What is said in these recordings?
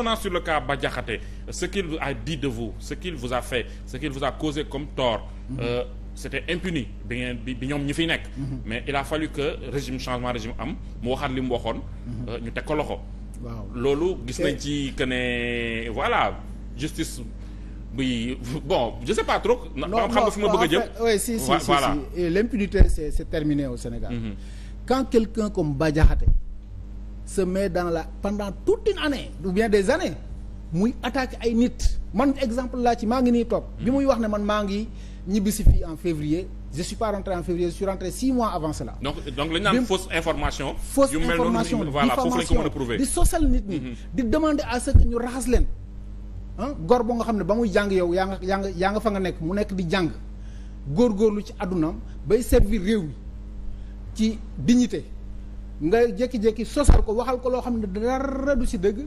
Revenons sur le cas Bah Diakhaté ce qu'il a dit de vous ce qu'il vous a fait ce qu'il vous a causé comme tort mm -hmm. euh, c'était impuni bi ngeen bi bi ñoom ñi fiy nekk mhm. mais il a fallu que régime changement régime am mu waxaat li mu waxoon mhm. euh, ñu teg ko loxo waaw loolu gis nañ ci que ne voilà justice bi bon je sais pas trop xam nga fi ma bëgg a jëm oui si si voilà. si, si. l'impunité c'est c'est terminé au Sénégal mm quand quelqu'un comme Bah Diakhaté se met dans la pendant toute une année ou bien des années muy attaqué ay nit man exemple laa ci maa ngi nii toog bi muy wax ne man maa ngi ñibbisi fii en février je suis pas rentré février je suis rentré six mois avant cela. donc donc ñu naan fausse information. fausse information voilà foofu la ñu ko mën a prouver di sosal nit ñi. Mm-hmm. di demander à ce ñu raxas leen ah gor boo nga xam ne ba muy jàng yow yaa nga yaa nga yaa nga fa nga nekk mu nekk di jàng góorlu ci àddunaam bay servir réew mi ci dignité. nga jékki-jékki sosal ko waxal ko loo xam ne dara du si dëgg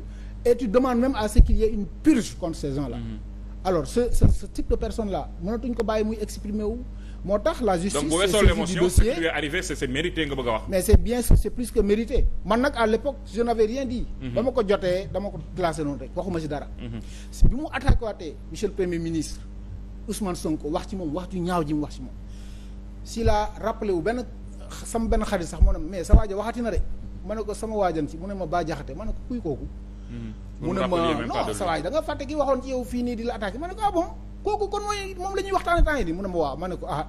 et tu demandes même à ce qu'il y une purge contre ces gens mm-hmm. alors ce ce, type de personne là mënatuñ ko bàyyi muy exprimer wu moo tax la justice donc bu weesoo l'émotion ce qui est arrivé c'est mérité nga bëgg a wax mais c'est bien sûr c'est plus que mérité man nag à l'époque je n'avais rien dit dama mm-hmm. ko jotee dama ko classé noonu rek waxuma mm-hmm. si dara bi mu attaqué waatee premier ministre Ousmane Sonko wax ci moom wax ju ñaaw sama benn xarit sax moo ne mais sa waaja waxati na de ma ko sama waajan ci mu ne ma baa jaxate ma ne ko kuy kooku hmm. mu ne ma non sa waay da nga fàtte ki waxoon ci yow fii nii di la attaqué ma ne ko ah bon kooku kon mooy moom la ma ne ko ah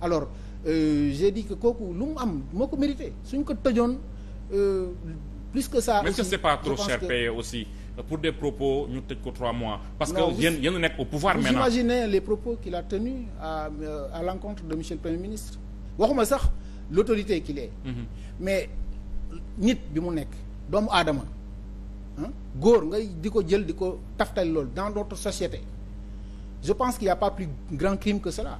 alors euh, j'ai di que kooku lu mu am moo ko mérité suñ ko tëjoon euh, plus que ça mais est-ce que c'est pas pour des propos ñu tëj ko trois mois parce que yéen yéen nekk au pouvoir maintenant vous imaginez les propos qu'il a tenus à euh, à l'encontre de monsieur le premier ministre waxuma sax l'autorité qu'il est mhm. mais nit bi mu nekk doomu aadama góor ngay di ko jël di ko taftal loolu dans notre société je pense qu'il n'y pas plus grand crime que cela